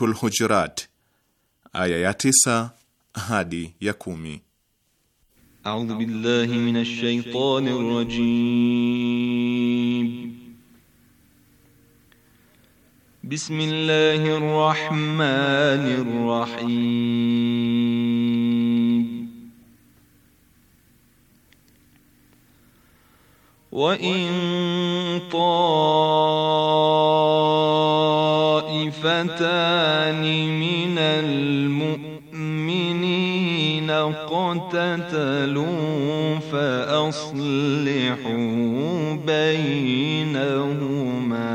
Suratul Hujurat aya ya tisa hadi ya kumi. A'udhu billahi minash shaitanir rajim. Bismillahir rahmanir فأصلحوا بينهما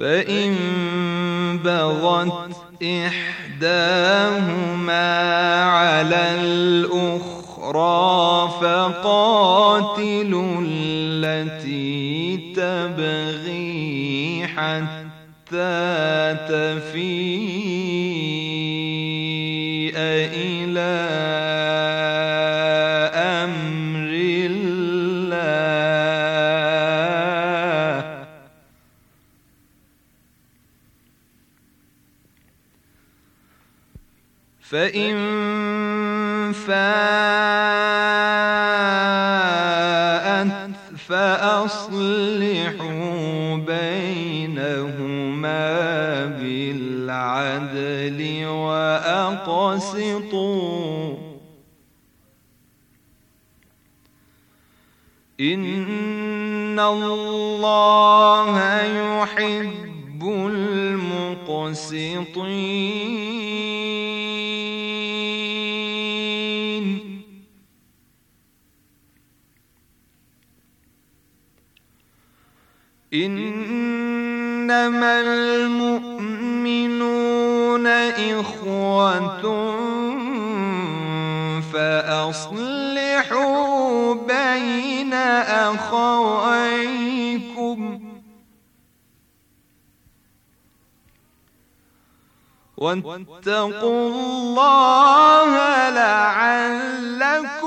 فإن بغت إحداهما على الأخرى فقاتلوا التي تبغي حتى تفيء فإن فاءت فأصلحوا بينهما بالعدل وأقسطوا إن الله يحب المقسطين إنما المؤمنون إخوة فأصلحوا بين أخويكم واتقوا الله لعلكم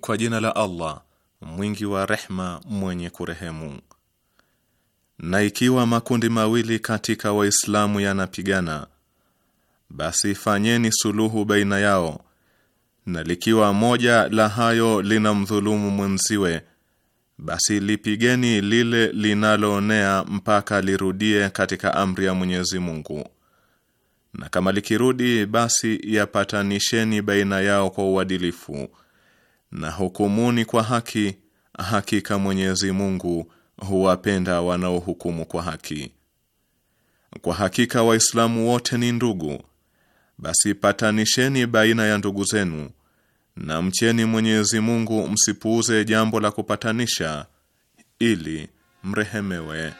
Kwa jina la Allah mwingi wa rehma mwenye kurehemu. Na ikiwa makundi mawili katika Waislamu yanapigana, basi fanyeni suluhu baina yao, na likiwa moja la hayo linamdhulumu mwenziwe basi lipigeni lile linaloonea mpaka lirudie katika amri ya Mwenyezi Mungu, na kama likirudi, basi yapatanisheni baina yao kwa uadilifu na hukumuni kwa haki. Hakika Mwenyezi Mungu huwapenda wanaohukumu kwa haki. Kwa hakika Waislamu wote ni ndugu, basi patanisheni baina ya ndugu zenu na mcheni Mwenyezi Mungu, msipuuze jambo la kupatanisha ili mrehemewe.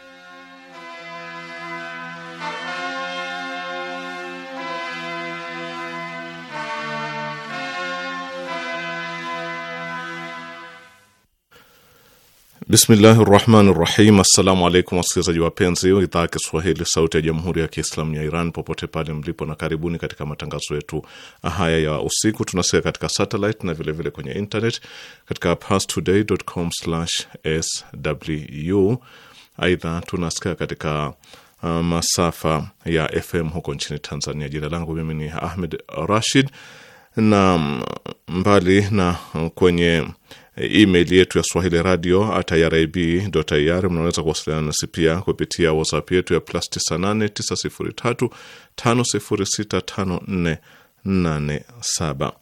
Bismillahi rahmani rahim. Assalamu alaikum wasikilizaji wapenzi wa idhaa ya Kiswahili sauti ya jamhuri ya Kiislamu ya Iran popote pale mlipo, na karibuni katika matangazo yetu haya ya usiku. Tunasikia katika satellite na vilevile vile kwenye internet katika pastodaycom sw Aidha tunasikia katika uh, masafa ya FM huko nchini Tanzania. Jina langu mimi ni Ahmed Rashid, na mbali na kwenye email yetu ya swahili radio at Mnaweza kuwasiliana nasi pia kupitia whatsapp yetu ya plus 98 9035065487.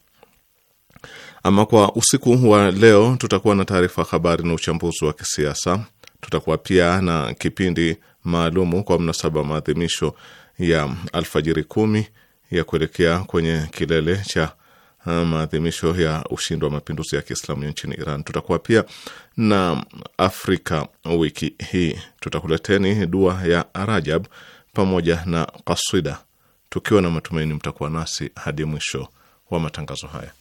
Ama kwa usiku wa leo tutakuwa na taarifa habari na uchambuzi wa kisiasa. Tutakuwa pia na kipindi maalumu kwa mnasaba maadhimisho ya alfajiri kumi ya kuelekea kwenye kilele cha maadhimisho ya ushindi wa mapinduzi ya Kiislamu nchini Iran. Tutakuwa pia na Afrika wiki hii, tutakuleteni dua ya Rajab pamoja na kaswida, tukiwa na matumaini mtakuwa nasi hadi mwisho wa matangazo haya.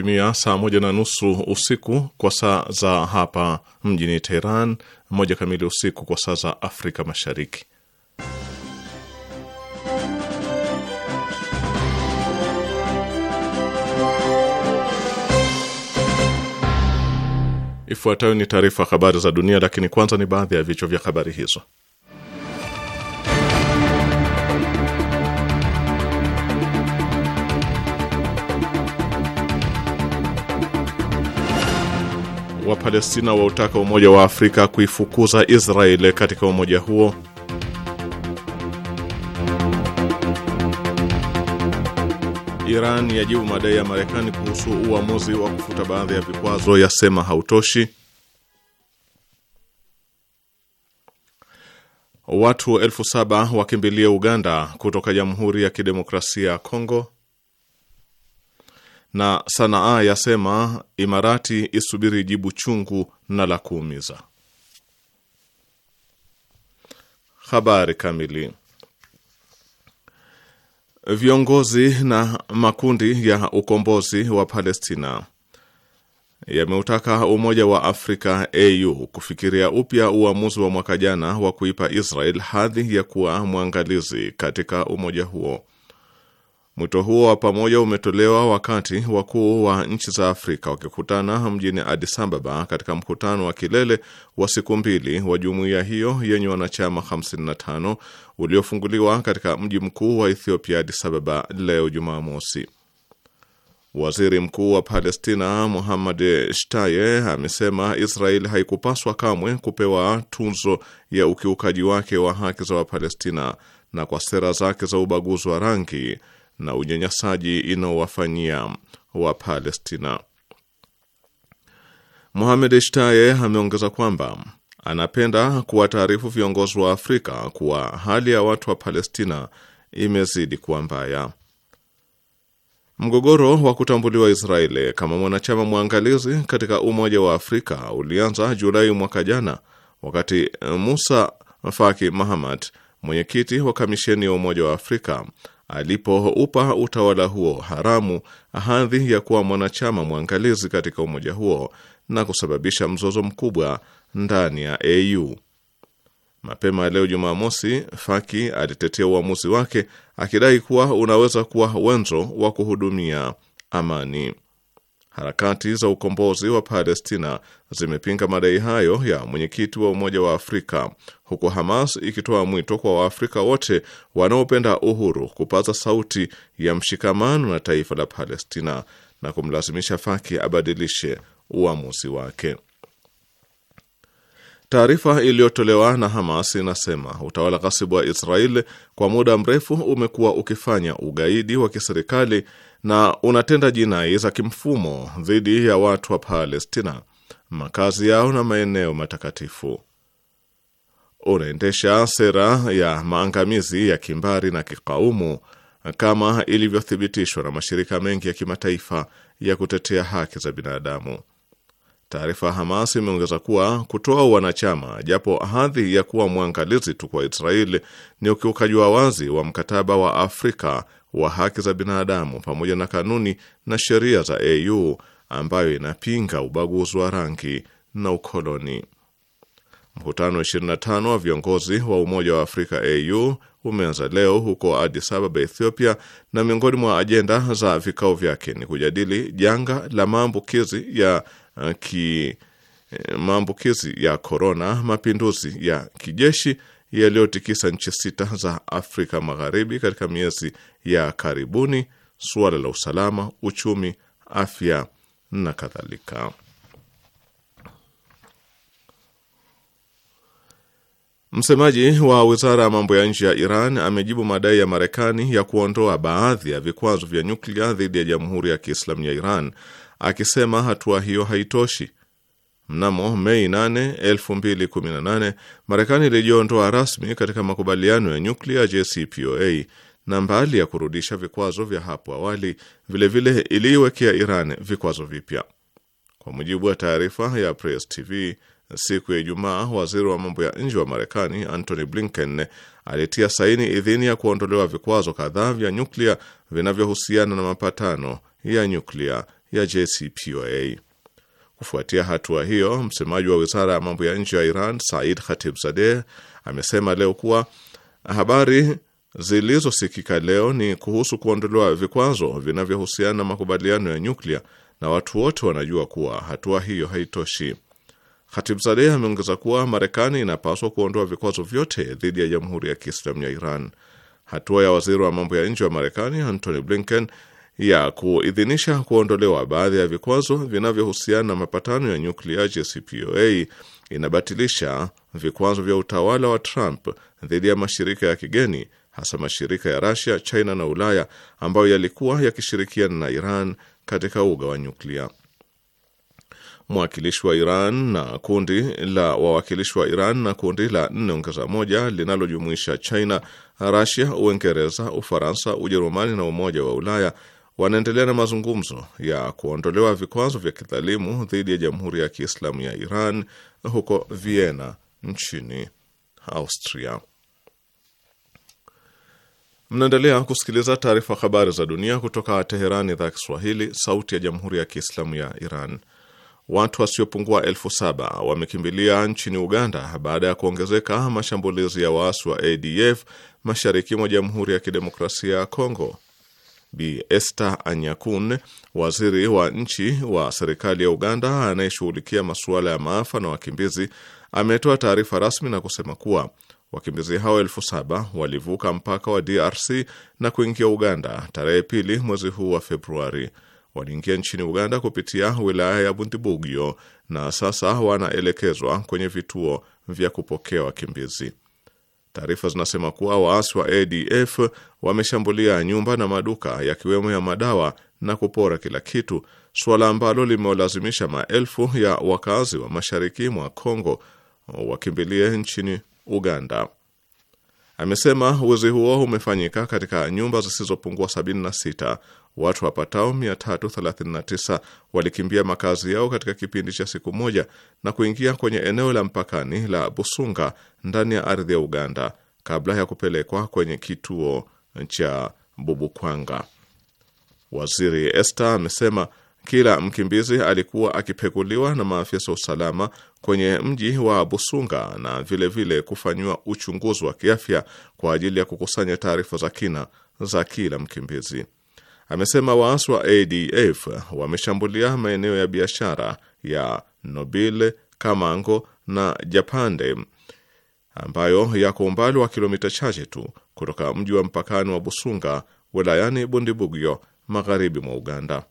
imetimia saa moja na nusu usiku kwa saa za hapa mjini Teheran, moja kamili usiku kwa saa za Afrika Mashariki. Ifuatayo ni taarifa habari za dunia, lakini kwanza ni baadhi ya vichwa vya habari hizo. Wapalestina wautaka Umoja wa Afrika kuifukuza Israeli katika umoja huo. Iran yajibu madai ya Marekani kuhusu uamuzi wa kufuta baadhi ya vikwazo, yasema hautoshi. Watu elfu saba wakimbilia Uganda kutoka Jamhuri ya Kidemokrasia ya Kongo na Sanaa yasema Imarati isubiri jibu chungu na la kuumiza. Habari kamili. Viongozi na makundi ya ukombozi wa Palestina yameutaka Umoja wa Afrika AU kufikiria upya uamuzi wa mwaka jana wa kuipa Israel hadhi ya kuwa mwangalizi katika umoja huo. Mwito huo wa pamoja umetolewa wakati wakuu wa nchi za Afrika wakikutana mjini Addis Ababa katika mkutano wa kilele wa siku mbili wa jumuiya hiyo yenye wanachama 55 uliofunguliwa katika mji mkuu wa Ethiopia, Addis Ababa, leo Jumamosi. Waziri mkuu wa Palestina Muhammad Shtaye amesema Israel haikupaswa kamwe kupewa tunzo ya ukiukaji wake wa haki za Wapalestina na kwa sera zake za ubaguzi wa rangi na unyanyasaji inaowafanyia Wapalestina. Mohamed Shtaye ameongeza kwamba anapenda kuwataarifu viongozi wa Afrika kuwa hali ya watu wa Palestina imezidi kuwa mbaya. Mgogoro wa kutambuliwa Israeli kama mwanachama mwangalizi katika Umoja wa Afrika ulianza Julai mwaka jana, wakati Musa Faki Mahamat, mwenyekiti wa kamisheni ya Umoja wa Afrika, alipoupa utawala huo haramu hadhi ya kuwa mwanachama mwangalizi katika umoja huo na kusababisha mzozo mkubwa ndani ya AU. Mapema leo Jumamosi, Faki alitetea uamuzi wake akidai kuwa unaweza kuwa wenzo wa kuhudumia amani. Harakati za ukombozi wa Palestina zimepinga madai hayo ya mwenyekiti wa Umoja wa Afrika, huku Hamas ikitoa mwito kwa Waafrika wote wanaopenda uhuru kupaza sauti ya mshikamano na taifa la Palestina na kumlazimisha Faki abadilishe uamuzi wake. Taarifa iliyotolewa na Hamas inasema utawala ghasibu wa Israeli kwa muda mrefu umekuwa ukifanya ugaidi wa kiserikali na unatenda jinai za kimfumo dhidi ya watu wa Palestina, makazi yao na maeneo matakatifu. Unaendesha sera ya maangamizi ya kimbari na kikaumu kama ilivyothibitishwa na mashirika mengi ya kimataifa ya kutetea haki za binadamu. Taarifa ya Hamas imeongeza kuwa kutoa wanachama japo hadhi ya kuwa mwangalizi tu kwa Israeli ni ukiukaji wa wazi wa mkataba wa Afrika wa haki za binadamu pamoja na kanuni na sheria za AU ambayo inapinga ubaguzi wa rangi na ukoloni. Mkutano wa 25 wa viongozi wa Umoja wa Afrika AU umeanza leo huko Addis Ababa, Ethiopia, na miongoni mwa ajenda za vikao vyake ni kujadili janga la maambukizi ya eh, ki eh, maambukizi ya korona, mapinduzi ya kijeshi yaliyotikisa nchi sita za Afrika Magharibi katika miezi ya karibuni, suala la usalama, uchumi, afya na kadhalika. Msemaji wa wizara ya mambo ya nje ya Iran amejibu madai ya Marekani ya kuondoa baadhi ya vikwazo vya nyuklia dhidi ya Jamhuri ya Kiislamu ya Iran akisema hatua hiyo haitoshi Mnamo Mei 8, 2018 Marekani ilijiondoa rasmi katika makubaliano ya nyuklia JCPOA na mbali ya kurudisha vikwazo vya hapo awali, vilevile iliiwekea Iran vikwazo vipya. Kwa mujibu wa taarifa ya Press TV siku ya Ijumaa, waziri wa mambo ya nje wa Marekani Antony Blinken alitia saini idhini ya kuondolewa vikwazo kadhaa vya nyuklia vinavyohusiana na mapatano ya nyuklia ya JCPOA. Kufuatia hatua hiyo, msemaji wa wizara ya mambo ya nje ya Iran Said Khatibzadeh amesema leo kuwa habari zilizosikika leo ni kuhusu kuondolewa vikwazo vinavyohusiana na makubaliano ya nyuklia na watu wote wanajua kuwa hatua hiyo haitoshi. Khatibzadeh ameongeza kuwa Marekani inapaswa kuondoa vikwazo vyote dhidi ya Jamhuri ya Kiislamu ya Iran. Hatua ya waziri wa mambo ya nje wa Marekani Antony Blinken ya kuidhinisha kuondolewa baadhi ya vikwazo vinavyohusiana na mapatano ya nyuklia JCPOA inabatilisha vikwazo vya utawala wa Trump dhidi ya mashirika ya kigeni hasa mashirika ya Russia, China na Ulaya ambayo yalikuwa yakishirikiana na Iran katika uga wa nyuklia. Mwakilishi wa Iran na kundi la wawakilishi wa Iran na kundi la nne ongeza moja linalojumuisha China, Russia, Uingereza, Ufaransa, Ujerumani na Umoja wa Ulaya wanaendelea na mazungumzo ya kuondolewa vikwazo vya kidhalimu dhidi ya Jamhuri ya Kiislamu ya Iran huko Vienna nchini Austria. Mnaendelea kusikiliza taarifa habari za dunia kutoka Teherani, idhaa Kiswahili, sauti ya Jamhuri ya Kiislamu ya Iran. Watu wasiopungua elfu saba wamekimbilia nchini Uganda baada ya kuongezeka mashambulizi ya waasi wa ADF mashariki mwa Jamhuri ya Kidemokrasia ya Kongo. Bi Esther Anyakun, waziri wa nchi wa serikali ya Uganda anayeshughulikia masuala ya maafa na wakimbizi, ametoa taarifa rasmi na kusema kuwa wakimbizi hao elfu saba walivuka mpaka wa DRC na kuingia Uganda tarehe pili mwezi huu wa Februari. Waliingia nchini Uganda kupitia wilaya ya Bundibugyo na sasa wanaelekezwa kwenye vituo vya kupokea wakimbizi. Taarifa zinasema kuwa waasi wa ADF wameshambulia nyumba na maduka yakiwemo ya madawa na kupora kila kitu, suala ambalo limewalazimisha maelfu ya wakazi wa mashariki mwa Kongo wakimbilie nchini Uganda. Amesema wizi huo umefanyika katika nyumba zisizopungua 76 watu wapatao 339 walikimbia makazi yao katika kipindi cha siku moja na kuingia kwenye eneo la mpakani la Busunga ndani ya ardhi ya Uganda kabla ya kupelekwa kwenye kituo cha Bubukwanga. Waziri Esther amesema kila mkimbizi alikuwa akipekuliwa na maafisa usalama kwenye mji wa Busunga na vilevile kufanyiwa uchunguzi wa kiafya kwa ajili ya kukusanya taarifa za kina za kila mkimbizi amesema waasi wa ADF wameshambulia maeneo ya biashara ya Nobile, Kamango na Japande ambayo yako umbali wa kilomita chache tu kutoka mji wa mpakani wa Busunga wilayani Bundibugyo magharibi mwa Uganda.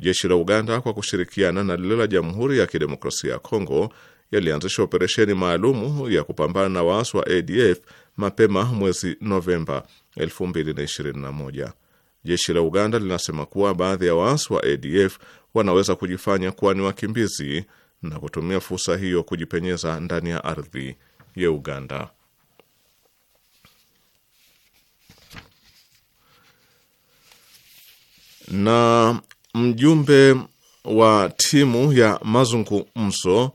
Jeshi la Uganda kwa kushirikiana na lile la Jamhuri ya Kidemokrasia ya Kongo yalianzisha operesheni maalumu ya kupambana na waasi wa ADF mapema mwezi Novemba 2021. Jeshi la Uganda linasema kuwa baadhi ya waasi wa ADF wanaweza kujifanya kuwa ni wakimbizi na kutumia fursa hiyo kujipenyeza ndani ya ardhi ya Uganda. Na mjumbe wa timu ya mazungumzo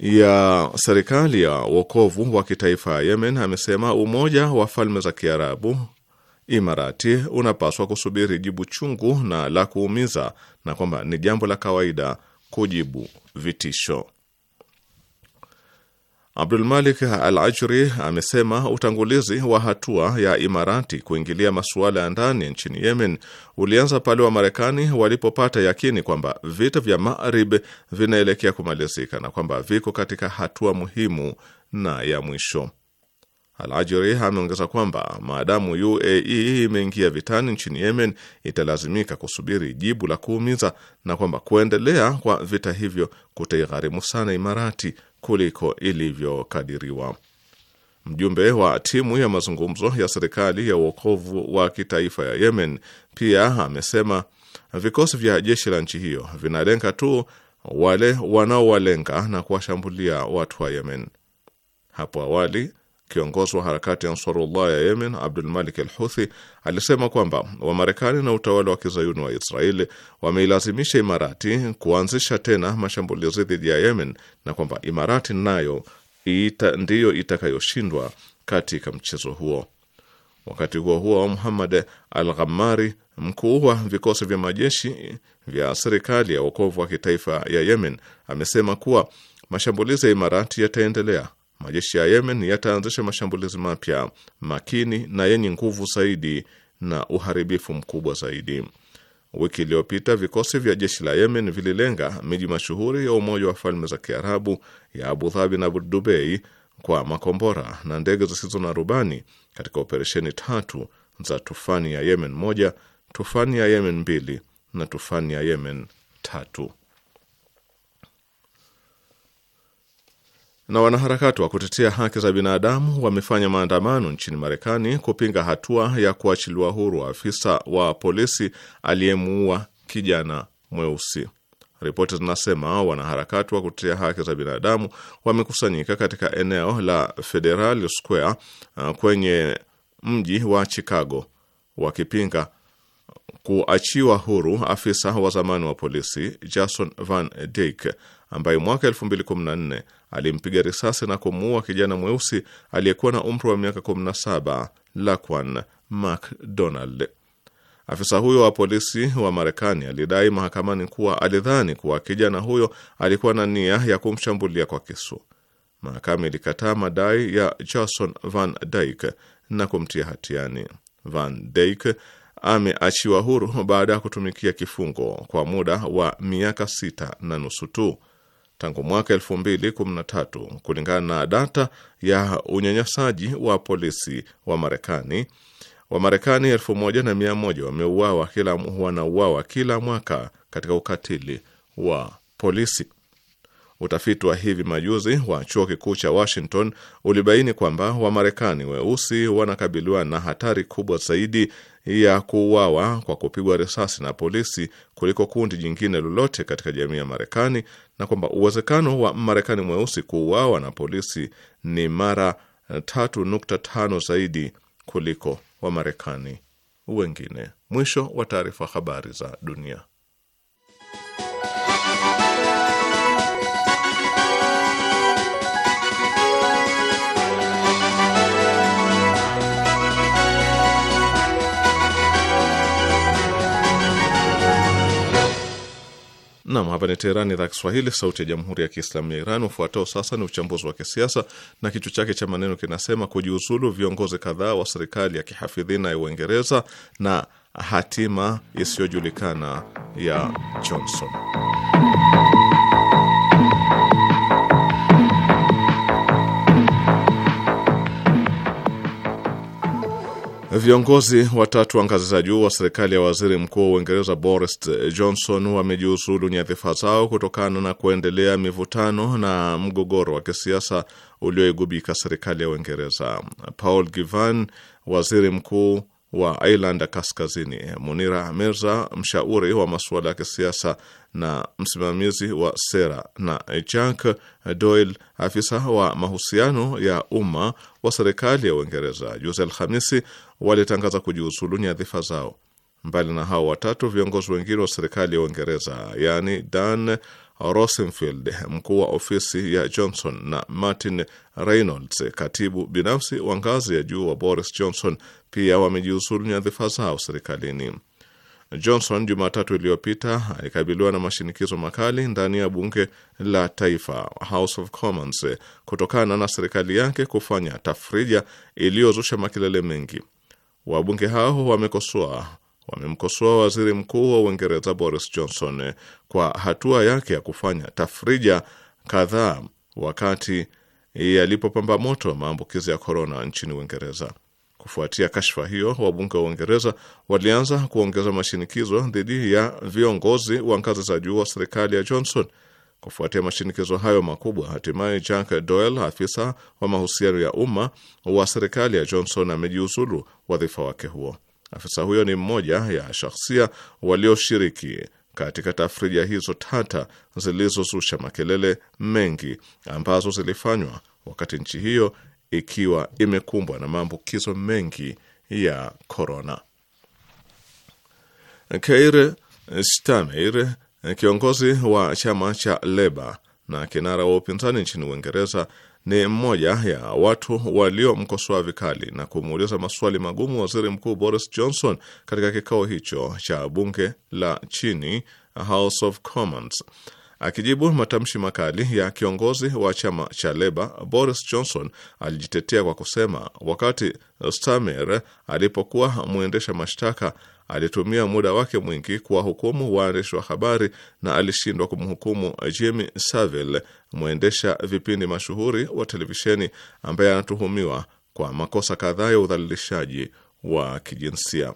ya serikali ya wokovu wa kitaifa ya Yemen amesema Umoja wa Falme za Kiarabu Imarati unapaswa kusubiri jibu chungu na la kuumiza, na kwamba ni jambo la kawaida kujibu vitisho. Abdulmalik Al Ajri amesema utangulizi wa hatua ya Imarati kuingilia masuala ya ndani nchini Yemen ulianza pale Wamarekani walipopata yakini kwamba vita vya Marib vinaelekea kumalizika na kwamba viko katika hatua muhimu na ya mwisho. Alajiri ameongeza kwamba maadamu UAE imeingia vitani nchini Yemen italazimika kusubiri jibu la kuumiza na kwamba kuendelea kwa vita hivyo kutaigharimu sana Imarati kuliko ilivyokadiriwa. Mjumbe wa timu ya mazungumzo ya serikali ya uokovu wa kitaifa ya Yemen pia amesema vikosi vya jeshi la nchi hiyo vinalenga tu wale wanaowalenga na kuwashambulia watu wa Yemen. Hapo awali Kiongozi wa harakati ya Ansarullah ya Yemen, Abdul Malik al Huthi, alisema kwamba Wamarekani na utawala wa kizayuni wa Israeli wameilazimisha Imarati kuanzisha tena mashambulizi dhidi ya Yemen na kwamba Imarati nayo ita, ndiyo itakayoshindwa katika mchezo huo. Wakati huo huo, Muhammad al Ghammari, mkuu wa vikosi vya majeshi vya serikali ya wokovu wa kitaifa ya Yemen, amesema kuwa mashambulizi ya Imarati yataendelea majeshi ya Yemen yataanzisha mashambulizi mapya makini na yenye nguvu zaidi na uharibifu mkubwa zaidi. Wiki iliyopita vikosi vya jeshi la Yemen vililenga miji mashuhuri ya Umoja wa Falme za Kiarabu ya Abu Dhabi na Dubai kwa makombora na ndege zisizo na rubani katika operesheni tatu za tufani ya Yemen moja, tufani ya Yemen mbili na tufani ya Yemen tatu. na wanaharakati wa kutetea haki za binadamu wamefanya maandamano nchini Marekani kupinga hatua ya kuachiliwa huru afisa wa polisi aliyemuua kijana mweusi. Ripoti zinasema wanaharakati wa kutetea haki za binadamu wamekusanyika katika eneo la Federal Square uh, kwenye mji wa Chicago wakipinga kuachiwa huru afisa wa zamani wa polisi Jason Van Dyke ambaye mwaka 2014 alimpiga risasi na kumuua kijana mweusi aliyekuwa na umri wa miaka 17 Laquan McDonald. Afisa huyo wa polisi wa Marekani alidai mahakamani kuwa alidhani kuwa kijana huyo alikuwa na nia ya kumshambulia kwa kisu. Mahakama ilikataa madai ya Jason Van Dyke na kumtia hatiani. Van Dyke ameachiwa huru baada ya kutumikia kifungo kwa muda wa miaka sita na nusu tu tangu mwaka 2013 kulingana na data ya unyanyasaji wa polisi wa Marekani. Wamarekani 1100 wameuawa kila wanauawa kila mwaka katika ukatili wa polisi. Utafiti wa hivi majuzi wa chuo kikuu cha Washington ulibaini kwamba Wamarekani weusi wanakabiliwa na hatari kubwa zaidi ya kuuawa kwa kupigwa risasi na polisi kuliko kundi jingine lolote katika jamii ya Marekani, na kwamba uwezekano wa Marekani mweusi kuuawa na polisi ni mara 3.5 zaidi kuliko Wamarekani wengine. Mwisho wa taarifa. Habari za dunia. Nam, hapa ni Teherani, idhaa Kiswahili, sauti ya jamhuri ya kiislamu ya Iran. Ufuatao sasa ni uchambuzi wa kisiasa na kichwa chake cha maneno kinasema kujiuzulu viongozi kadhaa wa serikali ya kihafidhina ya Uingereza na hatima isiyojulikana ya Johnson. Viongozi watatu wa ngazi za juu wa serikali ya waziri mkuu wa Uingereza Boris Johnson wamejiuzulu nyadhifa zao kutokana na kuendelea mivutano na mgogoro wa kisiasa ulioigubika serikali ya Uingereza. Paul Givan, waziri mkuu wa Ireland Kaskazini, Munira Mirza, mshauri wa masuala ya kisiasa na msimamizi wa sera, na Jack Doyle, afisa wa mahusiano ya umma wa serikali ya Uingereza, juzi Alhamisi walitangaza kujiuzulu nyadhifa zao. Mbali na hao watatu, viongozi wengine wa serikali ya Uingereza yaani Dan Rosenfield, mkuu wa ofisi ya Johnson, na Martin Reynolds, katibu binafsi wa ngazi ya juu wa Boris Johnson, pia wamejiuzulu nyadhifa zao serikalini. Johnson Jumatatu iliyopita alikabiliwa na mashinikizo makali ndani ya bunge la taifa House of Commons kutokana na serikali yake kufanya tafrija iliyozusha makelele mengi. Wabunge hao wamekosoa wamemkosoa waziri mkuu wa Uingereza Boris Johnson kwa hatua yake ya kufanya tafrija kadhaa wakati yalipopamba moto maambukizi ya korona nchini Uingereza. Kufuatia kashfa hiyo, wabunge wa Uingereza walianza kuongeza mashinikizo dhidi ya viongozi wa ngazi za juu wa serikali ya Johnson Kufuatia mashinikizo hayo makubwa, hatimaye Jack Doel, afisa wa mahusiano ya umma wa serikali ya Johnson, amejiuzulu wadhifa wake huo. Afisa huyo ni mmoja ya shahsia walioshiriki katika tafrija hizo tata zilizozusha makelele mengi ambazo zilifanywa wakati nchi hiyo ikiwa imekumbwa na maambukizo mengi ya korona. Keir Starmer Eh, kiongozi wa chama cha Leba na kinara wa upinzani nchini Uingereza ni mmoja ya watu waliomkosoa vikali na kumuuliza maswali magumu waziri mkuu Boris Johnson katika kikao hicho cha bunge la chini House of Commons. Akijibu matamshi makali ya kiongozi wa chama cha Leba, Boris Johnson alijitetea kwa kusema wakati Starmer alipokuwa mwendesha mashtaka alitumia muda wake mwingi kuwahukumu waandishi wa habari na alishindwa kumhukumu Jimmy Savile, mwendesha vipindi mashuhuri wa televisheni ambaye anatuhumiwa kwa makosa kadhaa ya udhalilishaji wa kijinsia.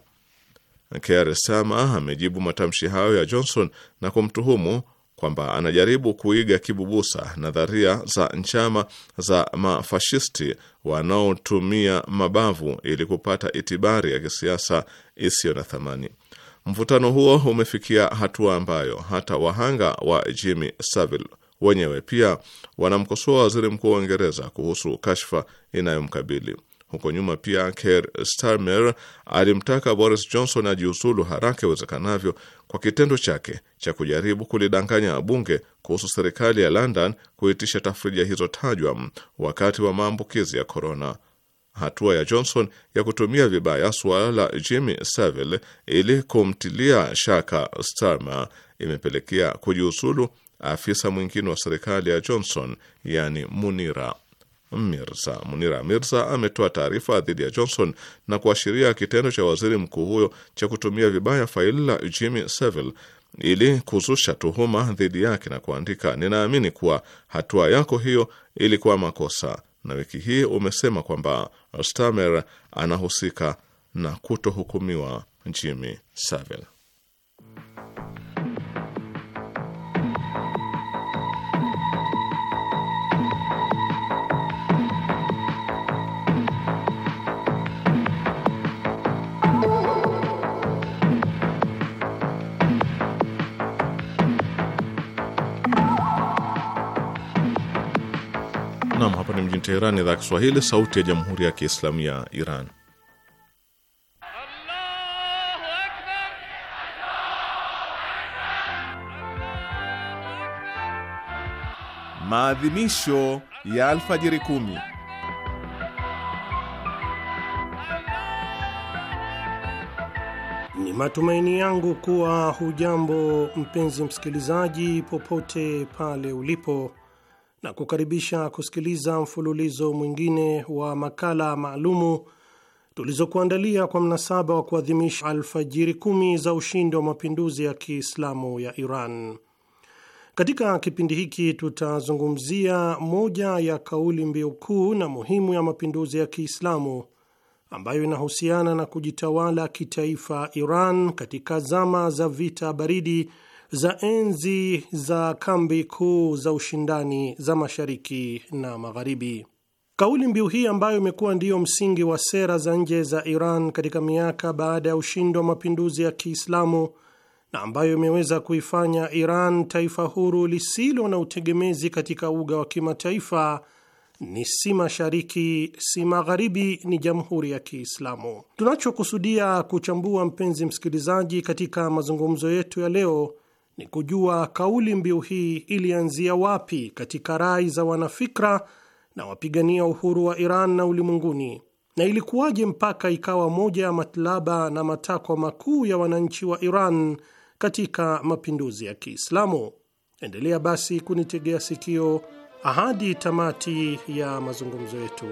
Keir Starmer amejibu matamshi hayo ya Johnson na kumtuhumu kwamba anajaribu kuiga kibubusa nadharia za njama za mafashisti wanaotumia mabavu ili kupata itibari ya kisiasa isiyo na thamani. Mvutano huo umefikia hatua ambayo hata wahanga wa Jimmy Savile wenyewe pia wanamkosoa waziri mkuu wa Uingereza kuhusu kashfa inayomkabili. Huko nyuma pia Keir Starmer alimtaka Boris Johnson ajiuzulu haraka iwezekanavyo kwa kitendo chake cha kujaribu kulidanganya bunge kuhusu serikali ya London kuitisha tafrija hizo tajwa wakati wa maambukizi ya korona. Hatua ya Johnson ya kutumia vibaya suala la Jimmy Savile ili kumtilia shaka Starmer imepelekea kujiuzulu afisa mwingine wa serikali ya Johnson, yani Munira Mirza Munira Mirza ametoa taarifa dhidi ya Johnson na kuashiria kitendo cha waziri mkuu huyo cha kutumia vibaya faili la Jimmy Savile ili kuzusha tuhuma dhidi yake na kuandika, ninaamini kuwa hatua yako hiyo ilikuwa makosa, na wiki hii umesema kwamba Stamer anahusika na kutohukumiwa Jimmy Savile. Teherani, Teherani, idhaa Kiswahili, sauti ya jamhuri ya kiislamu ya Iran. Maadhimisho ya alfajiri kumi. Ni matumaini yangu kuwa hujambo mpenzi msikilizaji, popote pale ulipo na kukaribisha kusikiliza mfululizo mwingine wa makala maalumu tulizokuandalia kwa mnasaba wa kuadhimisha alfajiri kumi za ushindi wa mapinduzi ya Kiislamu ya Iran. Katika kipindi hiki tutazungumzia moja ya kauli mbiu kuu na muhimu ya mapinduzi ya Kiislamu ambayo inahusiana na kujitawala kitaifa Iran katika zama za vita baridi za enzi za kambi kuu za ushindani za mashariki na magharibi. Kauli mbiu hii ambayo imekuwa ndiyo msingi wa sera za nje za Iran katika miaka baada ya ushindi wa mapinduzi ya Kiislamu na ambayo imeweza kuifanya Iran taifa huru lisilo na utegemezi katika uga wa kimataifa ni si mashariki si magharibi, ni jamhuri ya Kiislamu. Tunachokusudia kuchambua, mpenzi msikilizaji, katika mazungumzo yetu ya leo ni kujua kauli mbiu hii ilianzia wapi katika rai za wanafikra na wapigania uhuru wa Iran na ulimwenguni, na ilikuwaje mpaka ikawa moja ya matlaba na matakwa makuu ya wananchi wa Iran katika mapinduzi ya Kiislamu. Endelea basi kunitegea sikio ahadi tamati ya mazungumzo yetu.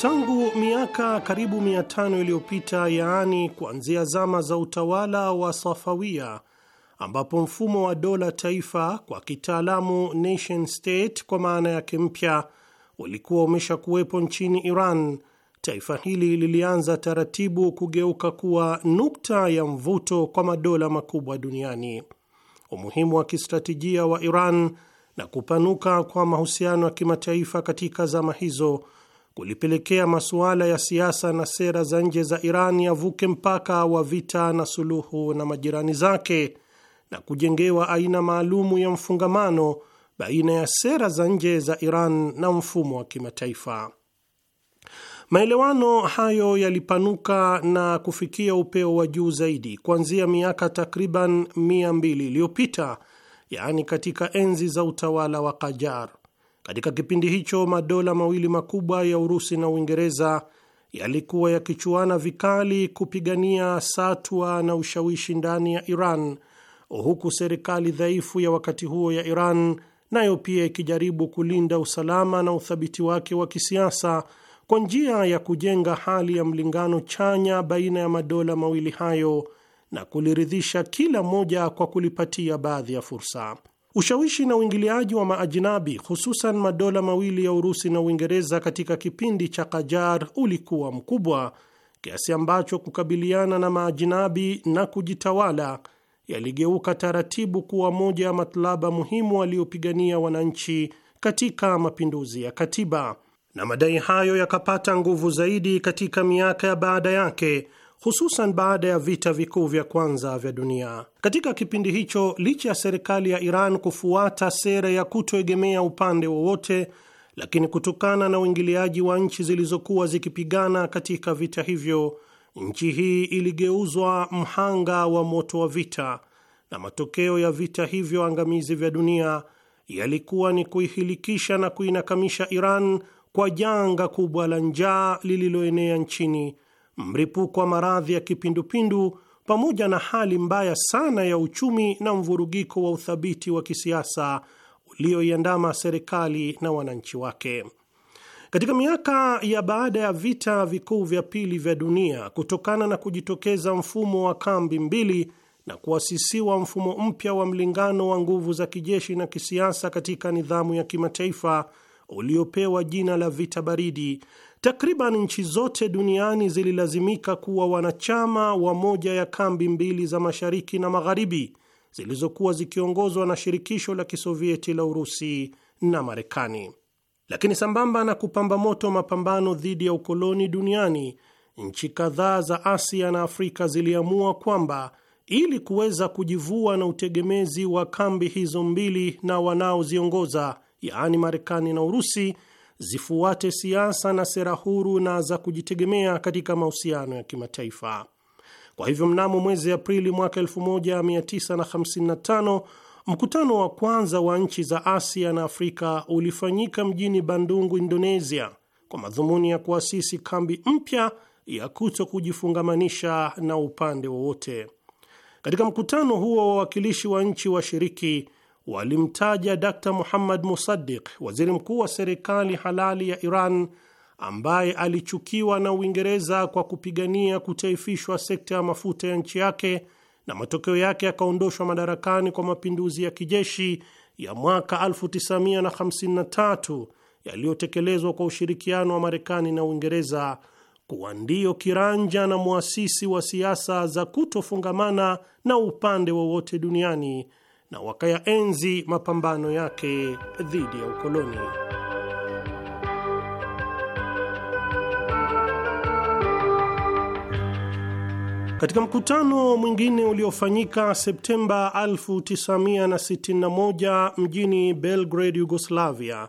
Tangu miaka karibu mia tano iliyopita, yaani kuanzia zama za utawala wa Safawia, ambapo mfumo wa dola taifa kwa kitaalamu nation state kwa maana yake mpya ulikuwa umesha kuwepo nchini Iran, taifa hili lilianza taratibu kugeuka kuwa nukta ya mvuto kwa madola makubwa duniani. Umuhimu wa kistratejia wa Iran na kupanuka kwa mahusiano ya kimataifa katika zama hizo kulipelekea masuala ya siasa na sera za nje za Iran yavuke mpaka wa vita na suluhu na majirani zake na kujengewa aina maalumu ya mfungamano baina ya sera za nje za Iran na mfumo wa kimataifa. Maelewano hayo yalipanuka na kufikia upeo wa juu zaidi kuanzia miaka takriban mia mbili iliyopita, yaani katika enzi za utawala wa Kajar. Katika kipindi hicho madola mawili makubwa ya Urusi na Uingereza yalikuwa yakichuana vikali kupigania satwa na ushawishi ndani ya Iran, huku serikali dhaifu ya wakati huo ya Iran nayo pia ikijaribu kulinda usalama na uthabiti wake wa kisiasa kwa njia ya kujenga hali ya mlingano chanya baina ya madola mawili hayo na kuliridhisha kila moja kwa kulipatia baadhi ya fursa. Ushawishi na uingiliaji wa maajinabi, hususan madola mawili ya Urusi na Uingereza katika kipindi cha Kajar ulikuwa mkubwa kiasi ambacho kukabiliana na maajinabi na kujitawala yaligeuka taratibu kuwa moja ya matlaba muhimu waliopigania wananchi katika mapinduzi ya katiba, na madai hayo yakapata nguvu zaidi katika miaka ya baada yake hususan baada ya vita vikuu vya kwanza vya dunia. Katika kipindi hicho, licha ya serikali ya Iran kufuata sera ya kutoegemea upande wowote, lakini kutokana na uingiliaji wa nchi zilizokuwa zikipigana katika vita hivyo, nchi hii iligeuzwa mhanga wa moto wa vita, na matokeo ya vita hivyo angamizi vya dunia yalikuwa ni kuihilikisha na kuinakamisha Iran kwa janga kubwa la njaa lililoenea nchini mripuko wa maradhi ya kipindupindu pamoja na hali mbaya sana ya uchumi na mvurugiko wa uthabiti wa kisiasa ulioiandama serikali na wananchi wake. Katika miaka ya baada ya vita vikuu vya pili vya dunia, kutokana na kujitokeza mfumo wa kambi mbili na kuasisiwa mfumo mpya wa mlingano wa nguvu za kijeshi na kisiasa katika nidhamu ya kimataifa uliopewa jina la vita baridi, Takriban nchi zote duniani zililazimika kuwa wanachama wa moja ya kambi mbili za mashariki na magharibi zilizokuwa zikiongozwa na shirikisho la kisovieti la Urusi na Marekani. Lakini sambamba na kupamba moto mapambano dhidi ya ukoloni duniani, nchi kadhaa za Asia na Afrika ziliamua kwamba ili kuweza kujivua na utegemezi wa kambi hizo mbili na wanaoziongoza, yaani Marekani na Urusi, zifuate siasa na sera huru na za kujitegemea katika mahusiano ya kimataifa. Kwa hivyo, mnamo mwezi Aprili mwaka 1955 mkutano wa kwanza wa nchi za Asia na Afrika ulifanyika mjini Bandungu, Indonesia, kwa madhumuni ya kuasisi kambi mpya ya kuto kujifungamanisha na upande wowote. Katika mkutano huo, wawakilishi wa nchi washiriki walimtaja d Muhammad Musaddiq, waziri mkuu wa serikali halali ya Iran ambaye alichukiwa na Uingereza kwa kupigania kutaifishwa sekta ya mafuta ya nchi yake na matokeo yake yakaondoshwa madarakani kwa mapinduzi ya kijeshi ya mwaka 1953 yaliyotekelezwa kwa ushirikiano wa Marekani na Uingereza kuwa ndiyo kiranja na mwasisi wa siasa za kutofungamana na upande wowote duniani na wakayaenzi mapambano yake dhidi ya ukoloni. Katika mkutano mwingine uliofanyika Septemba 1961 mjini Belgrade, Yugoslavia,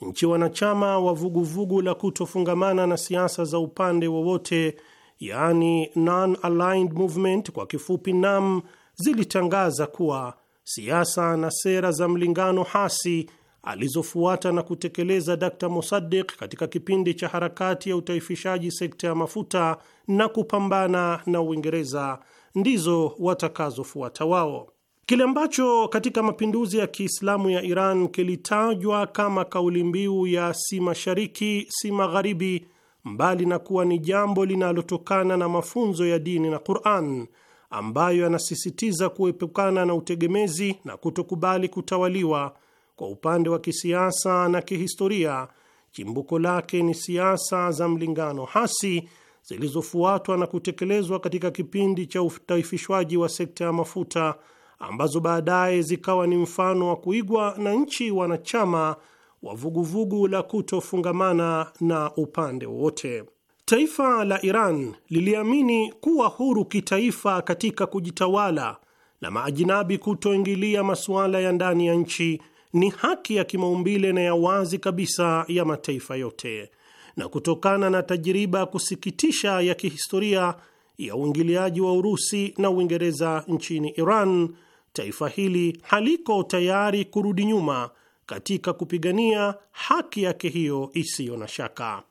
nchi wanachama wa vuguvugu la kutofungamana na siasa za upande wowote, yaani Non-Aligned Movement, kwa kifupi NAM, zilitangaza kuwa siasa na sera za mlingano hasi alizofuata na kutekeleza d Mosadiq katika kipindi cha harakati ya utaifishaji sekta ya mafuta na kupambana na Uingereza ndizo watakazofuata wao. Kile ambacho katika mapinduzi ya Kiislamu ya Iran kilitajwa kama kauli mbiu ya si mashariki si magharibi, mbali na kuwa ni jambo linalotokana na mafunzo ya dini na Qur'an ambayo yanasisitiza kuepukana na utegemezi na kutokubali kutawaliwa. Kwa upande wa kisiasa na kihistoria, chimbuko lake ni siasa za mlingano hasi zilizofuatwa na kutekelezwa katika kipindi cha utaifishwaji wa sekta ya mafuta ambazo baadaye zikawa ni mfano wa kuigwa na nchi wanachama wa vuguvugu la kutofungamana na upande wowote. Taifa la Iran liliamini kuwa huru kitaifa katika kujitawala na maajinabi kutoingilia masuala ya ndani ya nchi ni haki ya kimaumbile na ya wazi kabisa ya mataifa yote. Na kutokana na tajiriba ya kusikitisha ya kihistoria ya uingiliaji wa Urusi na Uingereza nchini Iran, taifa hili haliko tayari kurudi nyuma katika kupigania haki yake hiyo isiyo na shaka.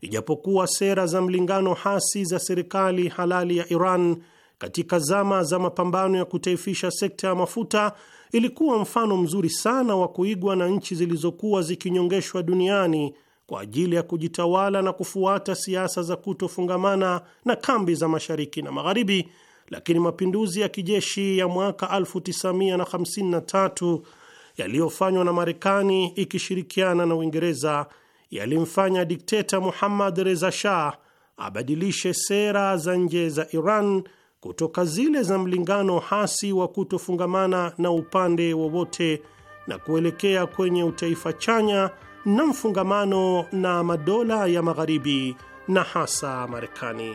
Ijapokuwa sera za mlingano hasi za serikali halali ya Iran katika zama za mapambano ya kutaifisha sekta ya mafuta ilikuwa mfano mzuri sana wa kuigwa na nchi zilizokuwa zikinyongeshwa duniani kwa ajili ya kujitawala na kufuata siasa za kutofungamana na kambi za mashariki na magharibi, lakini mapinduzi ya kijeshi ya mwaka 1953 yaliyofanywa na Marekani ikishirikiana na Uingereza yalimfanya dikteta Muhammad Reza Shah abadilishe sera za nje za Iran kutoka zile za mlingano hasi wa kutofungamana na upande wowote na kuelekea kwenye utaifa chanya na mfungamano na madola ya Magharibi na hasa Marekani.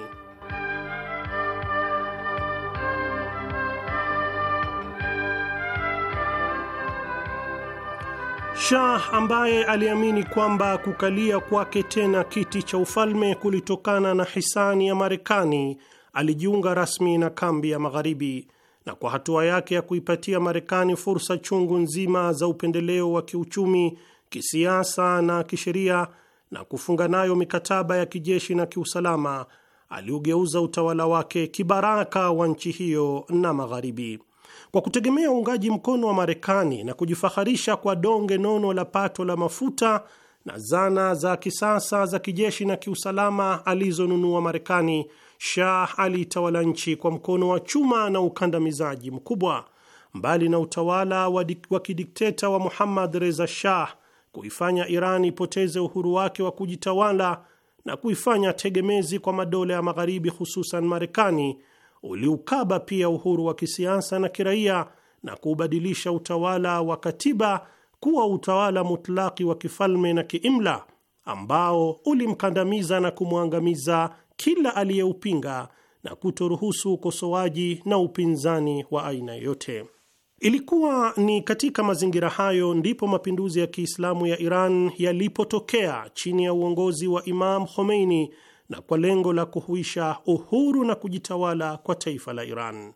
Shah ambaye aliamini kwamba kukalia kwake tena kiti cha ufalme kulitokana na hisani ya Marekani, alijiunga rasmi na kambi ya Magharibi, na kwa hatua yake ya kuipatia Marekani fursa chungu nzima za upendeleo wa kiuchumi, kisiasa na kisheria, na kufunga nayo mikataba ya kijeshi na kiusalama, aliugeuza utawala wake kibaraka wa nchi hiyo na Magharibi. Kwa kutegemea uungaji mkono wa Marekani na kujifaharisha kwa donge nono la pato la mafuta na zana za kisasa za kijeshi na kiusalama alizonunua Marekani, Shah aliitawala nchi kwa mkono wa chuma na ukandamizaji mkubwa. Mbali na utawala wa kidikteta wa Muhammad Reza Shah kuifanya Iran ipoteze uhuru wake wa kujitawala na kuifanya tegemezi kwa madola ya Magharibi, hususan Marekani, uliukaba pia uhuru wa kisiasa na kiraia na kuubadilisha utawala wa katiba kuwa utawala mutlaki wa kifalme na kiimla ambao ulimkandamiza na kumwangamiza kila aliyeupinga na kutoruhusu ukosoaji na upinzani wa aina yoyote. Ilikuwa ni katika mazingira hayo ndipo mapinduzi ya Kiislamu ya Iran yalipotokea chini ya uongozi wa Imam Khomeini na kwa lengo la kuhuisha uhuru na kujitawala kwa taifa la Iran.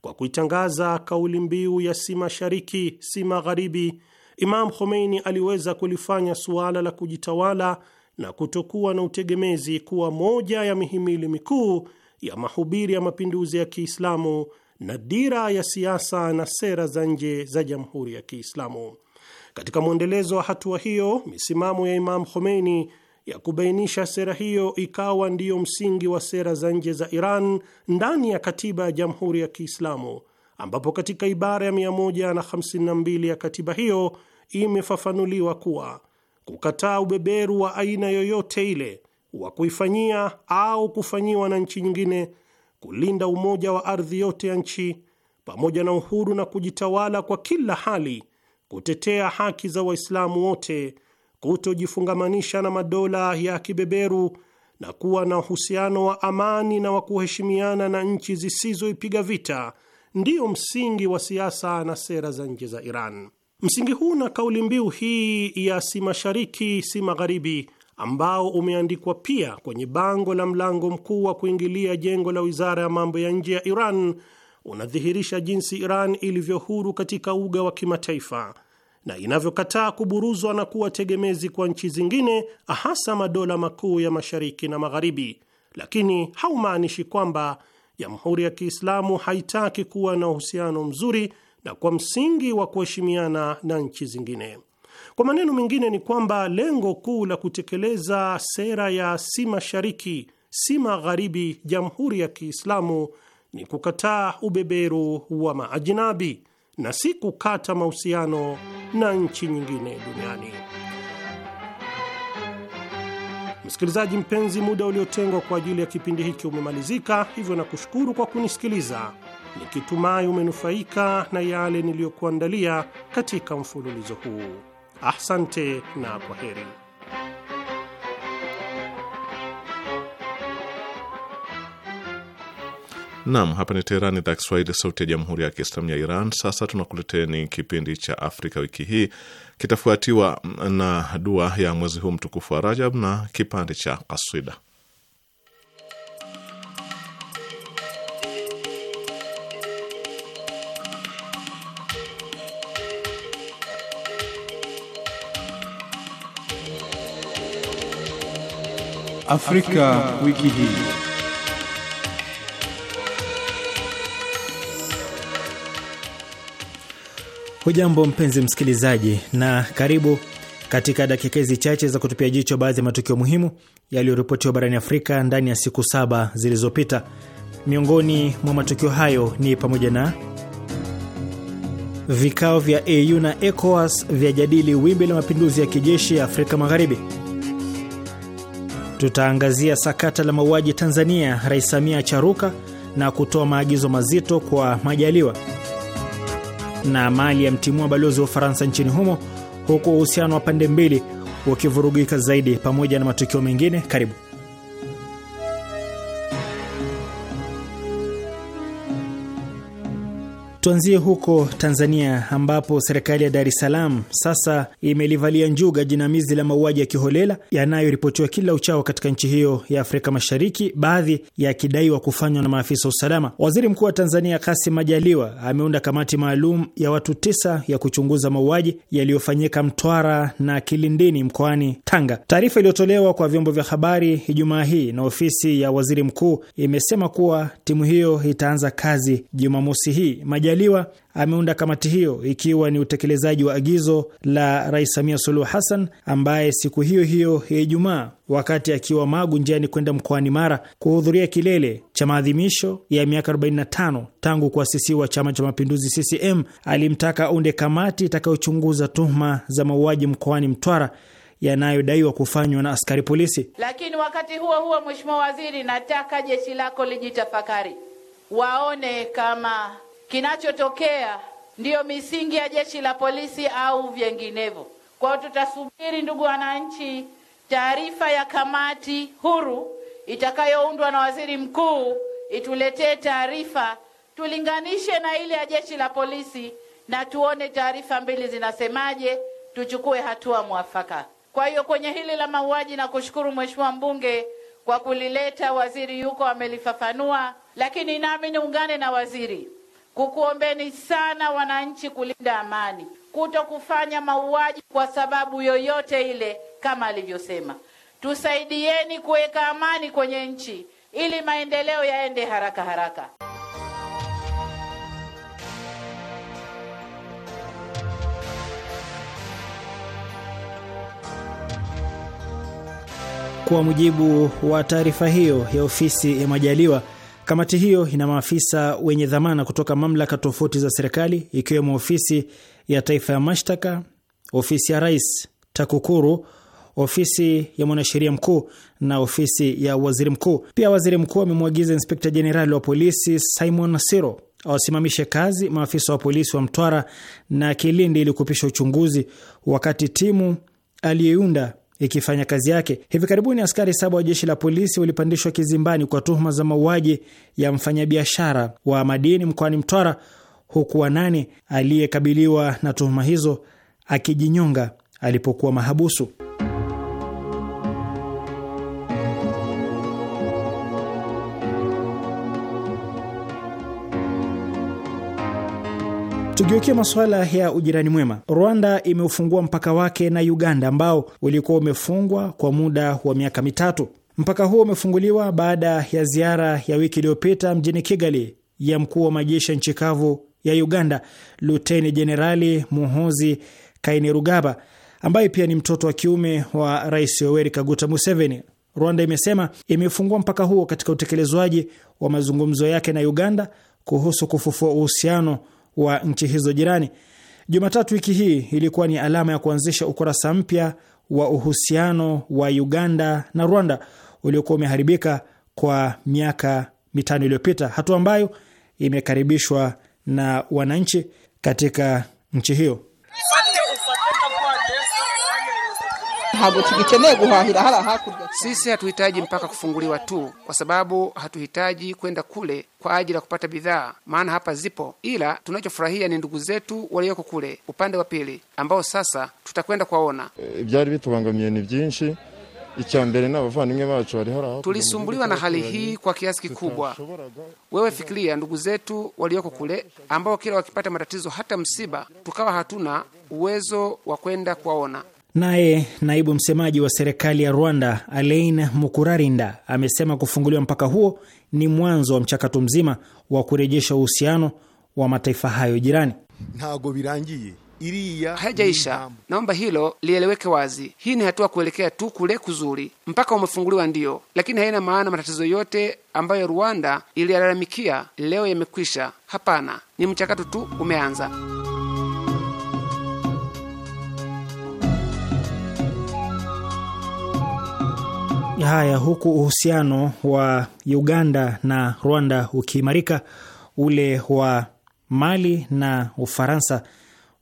Kwa kuitangaza kauli mbiu ya si mashariki si magharibi, Imam Khomeini aliweza kulifanya suala la kujitawala na kutokuwa na utegemezi kuwa moja ya mihimili mikuu ya mahubiri ya mapinduzi ya Kiislamu na dira ya siasa na sera za nje za Jamhuri ya Kiislamu. Katika mwendelezo wa hatua hiyo, misimamo ya Imam Khomeini ya kubainisha sera hiyo ikawa ndiyo msingi wa sera za nje za Iran ndani ya katiba ya Jamhuri ya Kiislamu, ambapo katika ibara ya 152 ya katiba hiyo imefafanuliwa kuwa kukataa ubeberu wa aina yoyote ile wa kuifanyia au kufanyiwa na nchi nyingine, kulinda umoja wa ardhi yote ya nchi pamoja na uhuru na kujitawala kwa kila hali, kutetea haki za Waislamu wote kutojifungamanisha na madola ya kibeberu na kuwa na uhusiano wa amani na wa kuheshimiana na nchi zisizoipiga vita ndiyo msingi wa siasa na sera za nje za Iran. Msingi huu na kauli mbiu hii ya si mashariki si magharibi, ambao umeandikwa pia kwenye bango la mlango mkuu wa kuingilia jengo la wizara ya mambo ya nje ya Iran, unadhihirisha jinsi Iran ilivyo huru katika uga wa kimataifa na inavyokataa kuburuzwa na kuwa tegemezi kwa nchi zingine, hasa madola makuu ya mashariki na magharibi, lakini haumaanishi kwamba Jamhuri ya Kiislamu haitaki kuwa na uhusiano mzuri na kwa msingi wa kuheshimiana na nchi zingine. Kwa maneno mengine, ni kwamba lengo kuu la kutekeleza sera ya si mashariki si magharibi Jamhuri ya Kiislamu ni kukataa ubeberu wa maajinabi na si kukata mahusiano na nchi nyingine duniani. Msikilizaji mpenzi, muda uliotengwa kwa ajili ya kipindi hiki umemalizika, hivyo na kushukuru kwa kunisikiliza, nikitumai umenufaika na yale niliyokuandalia katika mfululizo huu. Asante na kwa heri. Nam, hapa ni Teherani, idhaa Kiswahili, sauti ya jamhuri ya kiislamu ya Iran. Sasa tunakuleteni kipindi cha Afrika wiki hii, kitafuatiwa na dua ya mwezi huu mtukufu wa Rajab na kipande cha kaswida. Afrika, Afrika wiki hii Hujambo mpenzi msikilizaji, na karibu katika dakika hizi chache za kutupia jicho baadhi ya matukio muhimu yaliyoripotiwa barani Afrika ndani ya siku saba zilizopita. Miongoni mwa matukio hayo ni pamoja na vikao vya AU na ECOWAS vyajadili wimbi la mapinduzi ya kijeshi ya Afrika Magharibi, tutaangazia sakata la mauaji Tanzania, Rais Samia charuka na kutoa maagizo mazito kwa Majaliwa na Mali yamtimua balozi wa Ufaransa nchini humo, huku uhusiano wa pande mbili ukivurugika zaidi, pamoja na matukio mengine. Karibu. Tuanzie huko Tanzania ambapo serikali ya Dar es Salaam sasa imelivalia njuga jinamizi la mauaji ya kiholela yanayoripotiwa kila uchao katika nchi hiyo ya Afrika Mashariki, baadhi yakidaiwa kufanywa na maafisa wa usalama. Waziri Mkuu wa Tanzania Kassim Majaliwa ameunda kamati maalum ya watu tisa ya kuchunguza mauaji yaliyofanyika Mtwara na Kilindini mkoani Tanga. Taarifa iliyotolewa kwa vyombo vya habari Ijumaa hii na ofisi ya waziri mkuu imesema kuwa timu hiyo itaanza kazi Jumamosi hii Majaliwa Majaliwa ameunda kamati hiyo ikiwa ni utekelezaji wa agizo la Rais Samia Suluhu Hassan ambaye siku hiyo hiyo ya Ijumaa, wakati akiwa Magu njiani kwenda mkoani Mara kuhudhuria kilele cha maadhimisho ya miaka 45 tangu kuasisiwa Chama cha Mapinduzi CCM, alimtaka aunde kamati itakayochunguza tuhuma za mauaji mkoani Mtwara yanayodaiwa kufanywa na askari polisi. Lakini wakati huo huo, Mheshimiwa Waziri, nataka jeshi lako lijitafakari, waone kama kinachotokea ndiyo misingi ya jeshi la polisi au vinginevyo. Kwa hiyo tutasubiri, ndugu wananchi, taarifa ya kamati huru itakayoundwa na waziri mkuu ituletee taarifa, tulinganishe na ile ya jeshi la polisi na tuone taarifa mbili zinasemaje, tuchukue hatua mwafaka. Kwa hiyo kwenye hili la mauaji, na kushukuru mheshimiwa mbunge kwa kulileta, waziri yuko amelifafanua, lakini nami niungane na waziri kukuombeni sana wananchi kulinda amani, kuto kufanya mauaji kwa sababu yoyote ile, kama alivyosema. Tusaidieni kuweka amani kwenye nchi ili maendeleo yaende haraka haraka. Kwa mujibu wa taarifa hiyo ya ofisi ya Majaliwa Kamati hiyo ina maafisa wenye dhamana kutoka mamlaka tofauti za serikali ikiwemo ofisi ya taifa ya mashtaka, ofisi ya rais, TAKUKURU, ofisi ya mwanasheria mkuu na ofisi ya waziri mkuu. Pia waziri mkuu amemwagiza inspekta jenerali wa polisi Simon Siro awasimamishe kazi maafisa wa polisi wa Mtwara na Kilindi ili kupisha uchunguzi, wakati timu aliyeunda ikifanya kazi yake. Hivi karibuni askari saba wa jeshi la polisi walipandishwa kizimbani kwa tuhuma za mauaji ya mfanyabiashara wa madini mkoani Mtwara, huku wanane aliyekabiliwa na tuhuma hizo akijinyonga alipokuwa mahabusu. Tugeukie masuala ya ujirani mwema. Rwanda imeufungua mpaka wake na Uganda ambao ulikuwa umefungwa kwa muda wa miaka mitatu. Mpaka huo umefunguliwa baada ya ziara ya wiki iliyopita mjini Kigali ya mkuu wa majeshi ya nchi kavu ya Uganda, Luteni Jenerali Muhozi Kainerugaba, ambaye pia ni mtoto wa kiume wa Rais Yoweri Kaguta Museveni. Rwanda imesema imefungua mpaka huo katika utekelezwaji wa mazungumzo yake na Uganda kuhusu kufufua uhusiano wa nchi hizo jirani. Jumatatu wiki hii ilikuwa ni alama ya kuanzisha ukurasa mpya wa uhusiano wa Uganda na Rwanda uliokuwa umeharibika kwa miaka mitano iliyopita, hatua ambayo imekaribishwa na wananchi katika nchi hiyo. ntabwo tugikeneye guhahira hara hakurya. Sisi hatuhitaji mpaka kufunguliwa tu, kwa sababu hatuhitaji kwenda kule kwa ajili ya kupata bidhaa, maana hapa zipo, ila tunachofurahia ni ndugu zetu walioko kule upande wa pili, ambao sasa tutakwenda kuwaona. Byari e, bitubangamiye ni byinshi Tulisumbuliwa na hali hii kwa kiasi kikubwa. Wewe fikiria ndugu zetu walioko kule, ambao kila wakipata matatizo, hata msiba, tukawa hatuna uwezo wa kwenda kuwaona. Naye naibu msemaji wa serikali ya Rwanda Alain Mukurarinda amesema kufunguliwa mpaka huo ni mwanzo wa mchakato mzima wa kurejesha uhusiano wa mataifa hayo jirani. ntago birangiye haijaisha. Naomba hilo lieleweke wazi. Hii ni hatua kuelekea tu kule kuzuri. Mpaka umefunguliwa ndiyo, lakini haina maana matatizo yote ambayo Rwanda iliyalalamikia leo yamekwisha. Hapana, ni mchakato tu umeanza. Haya, huku uhusiano wa Uganda na Rwanda ukiimarika, ule wa Mali na Ufaransa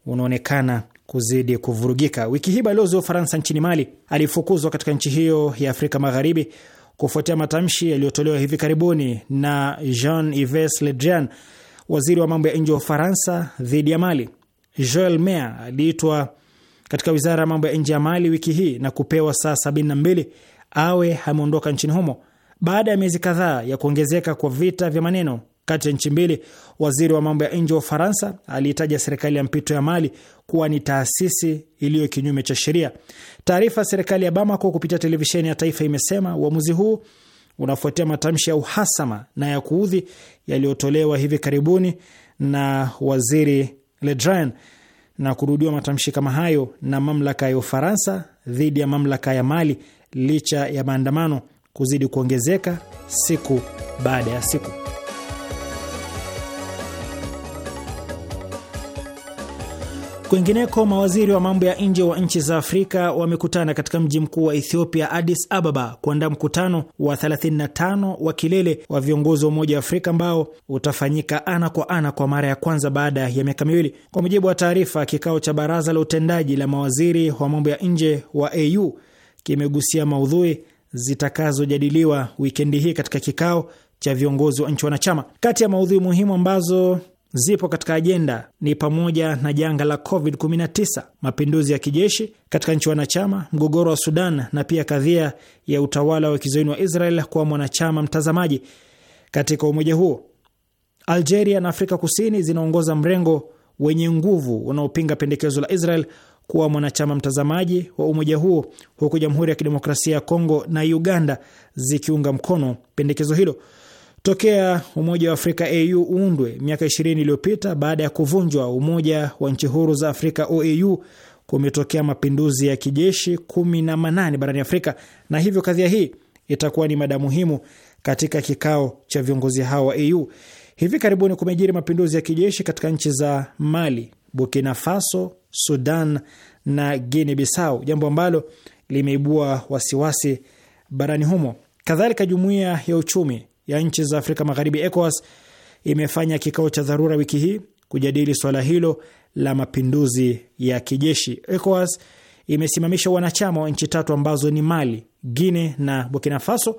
unaonekana kuzidi kuvurugika. Wiki hii balozi wa Ufaransa nchini Mali alifukuzwa katika nchi hiyo ya Afrika Magharibi kufuatia matamshi yaliyotolewa hivi karibuni na Jean Yves Le Drian, waziri wa mambo ya nje wa Ufaransa, dhidi ya Mali. Joel Meyer aliitwa katika wizara ya mambo ya nje ya Mali wiki hii na kupewa saa 72 awe ameondoka nchini humo. Baada ya miezi kadhaa ya kuongezeka kwa vita vya maneno kati ya nchi mbili, waziri wa mambo ya nje wa Ufaransa aliitaja serikali ya mpito ya Mali kuwa ni taasisi iliyo kinyume cha sheria. Taarifa ya serikali ya Bamako kupitia televisheni ya taifa imesema uamuzi huu unafuatia matamshi ya uhasama na ya kuudhi yaliyotolewa hivi karibuni na waziri Le Drian na kurudiwa matamshi kama hayo na mamlaka ya Ufaransa dhidi ya mamlaka ya Mali licha ya maandamano kuzidi kuongezeka siku baada ya siku. Kwingineko, mawaziri wa mambo ya nje wa nchi za Afrika wamekutana katika mji mkuu wa Ethiopia, Addis Ababa, kuandaa mkutano wa 35 wa kilele wa viongozi wa Umoja wa Afrika ambao utafanyika ana kwa ana kwa mara ya kwanza baada ya miaka miwili. Kwa mujibu wa taarifa, kikao cha baraza la utendaji la mawaziri wa mambo ya nje wa AU kimegusia maudhui zitakazojadiliwa wikendi hii katika kikao cha viongozi wa nchi wanachama. Kati ya maudhui muhimu ambazo zipo katika ajenda ni pamoja na janga la COVID-19, mapinduzi ya kijeshi katika nchi wanachama, mgogoro wa Sudan na pia kadhia ya utawala wa kizoeni wa Israel kuwa mwanachama mtazamaji katika umoja huo. Algeria na Afrika Kusini zinaongoza mrengo wenye nguvu unaopinga pendekezo la Israel kuwa mwanachama mtazamaji wa umoja huo huku Jamhuri ya Kidemokrasia ya Kongo na Uganda zikiunga mkono pendekezo hilo. Tokea Umoja wa Afrika AU uundwe miaka 20 iliyopita baada ya kuvunjwa Umoja wa Nchi Huru za Afrika OAU, kumetokea mapinduzi ya kijeshi kumi na manane barani Afrika, na hivyo kadhia hii itakuwa ni mada muhimu katika kikao cha viongozi hao wa AU. Hivi karibuni kumejiri mapinduzi ya kijeshi katika nchi za Mali, Burkina Faso, Sudan na Guinea Bissau, jambo ambalo limeibua wasiwasi barani humo. Kadhalika, jumuiya ya uchumi ya nchi za Afrika Magharibi, ECOWAS, imefanya kikao cha dharura wiki hii kujadili swala hilo la mapinduzi ya kijeshi. ECOWAS imesimamisha wanachama wa nchi tatu ambazo ni Mali, Guinea na Burkina Faso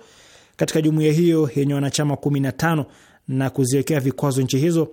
katika jumuiya hiyo yenye wanachama 15 na kuziwekea vikwazo nchi hizo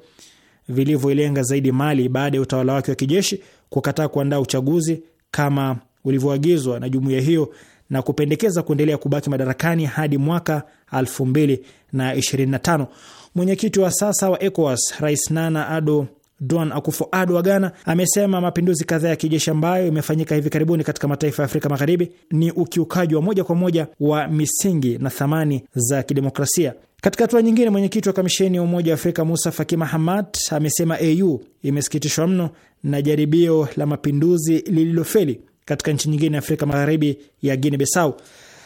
vilivyoilenga zaidi Mali baada ya utawala wake wa kijeshi kukataa kuandaa uchaguzi kama ulivyoagizwa na jumuiya hiyo na kupendekeza kuendelea kubaki madarakani hadi mwaka 2025. Mwenyekiti wa sasa wa ECOWAS Rais Nana Ado Don Akufo-Addo wa Ghana amesema mapinduzi kadhaa ya kijeshi ambayo imefanyika hivi karibuni katika mataifa ya Afrika Magharibi ni ukiukaji wa moja kwa moja wa misingi na thamani za kidemokrasia. Katika hatua nyingine, mwenyekiti wa kamisheni ya Umoja wa Afrika Musa Faki Mahamat amesema AU imesikitishwa mno na jaribio la mapinduzi lililofeli katika nchi nyingine ya Afrika Magharibi ya Guinea Bissau.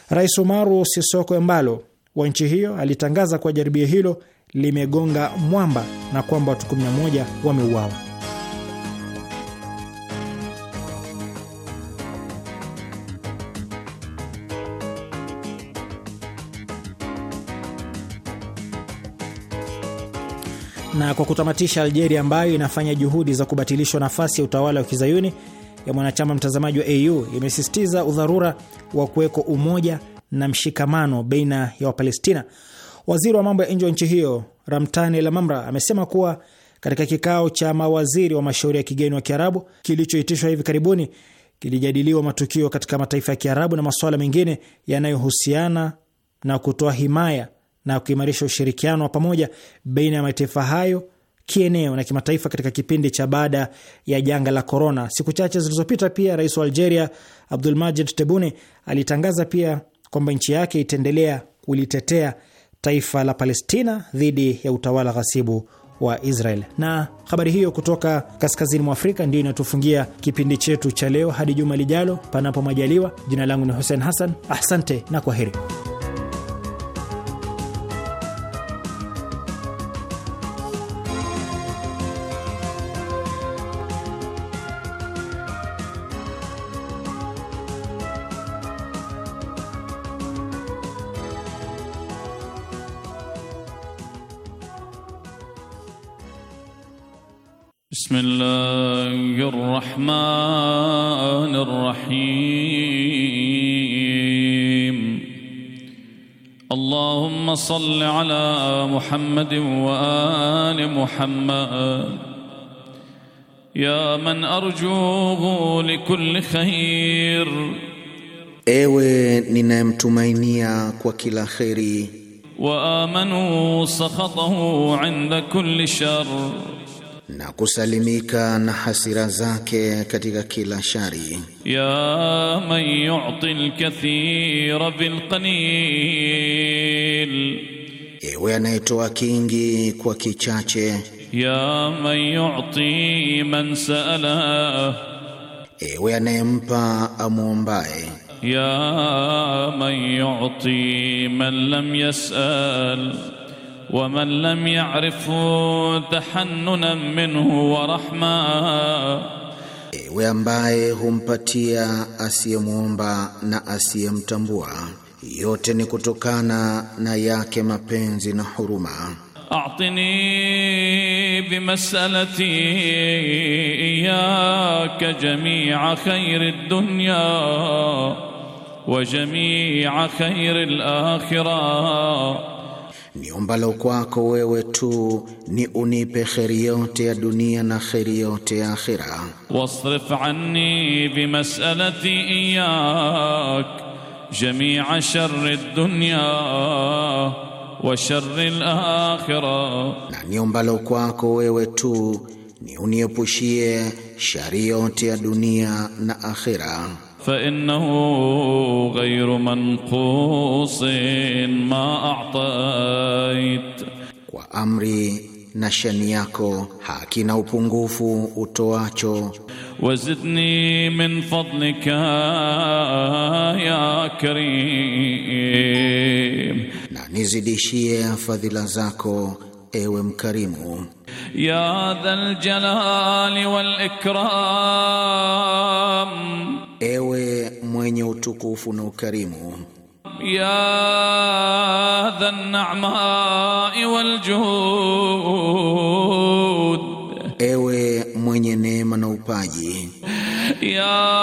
Rais Umaru Sisoko Embalo wa nchi hiyo alitangaza kuwa jaribio hilo limegonga mwamba na kwamba watu 11 wameuawa. Na kwa kutamatisha, Algeria ambayo inafanya juhudi za kubatilishwa nafasi ya utawala wa kizayuni ya mwanachama mtazamaji wa AU imesisitiza udharura wa kuweko umoja na mshikamano baina ya Wapalestina. Waziri wa mambo ya nje wa nchi hiyo ramtani Lamamra amesema kuwa katika kikao cha mawaziri wa mashauri ya kigeni wa Kiarabu kilichoitishwa hivi karibuni kilijadiliwa matukio katika mataifa ya Kiarabu na masuala mengine yanayohusiana na kutoa himaya na kuimarisha ushirikiano wa pamoja baina ya mataifa hayo kieneo na kimataifa katika kipindi cha baada ya janga la korona. Siku chache zilizopita, pia rais wa Algeria Abdulmajid Tebune alitangaza pia kwamba nchi yake itaendelea kulitetea taifa la Palestina dhidi ya utawala ghasibu wa Israel. Na habari hiyo kutoka kaskazini mwa Afrika ndiyo inatufungia kipindi chetu cha leo. Hadi juma lijalo, panapo majaliwa. Jina langu ni Hussein Hassan, asante na kwa heri. بسم الله الرحمن الرحيم اللهم صل على محمد وآل محمد يا من أرجوه لكل خير ايوه ننام تمينيا وكلا خيري وآمنوا سخطه عند كل شر na kusalimika na hasira zake katika kila shari. ya man yu'ti al-kathira bil qalil, ewe anayetoa kingi kwa kichache. ya man yu'ti man sa'ala, ewe anayempa amwombaye. ya man yu'ti man lam yas'al ومن لم يعرفه tahannunan minhu wa rahma, ewe ambaye humpatia asiyemwomba na asiyemtambua, yote ni kutokana na yake mapenzi na huruma. أعطني بمسألتي إياك جميع خير الدنيا وجميع خير الآخرة niombalo kwako wewe tu ni unipe kheri yote ya dunia na kheri yote ya akhira. wasrif anni mas'alati iyyak jamia ad dunya wa shari lakhira, na niombalo kwako wewe tu ni uniepushie shari yote ya dunia na akhira. فإنه غير manqusin ma a'tait, kwa amri na shani yako hakina upungufu utoacho. Wazidni min fadlika ya karim, na nizidishie fadhila zako ewe mkarimu. Ya dhal jalali ewe mwenye utukufu na ukarimu. ya dha an wal juhud, ewe mwenye neema na upaji. ya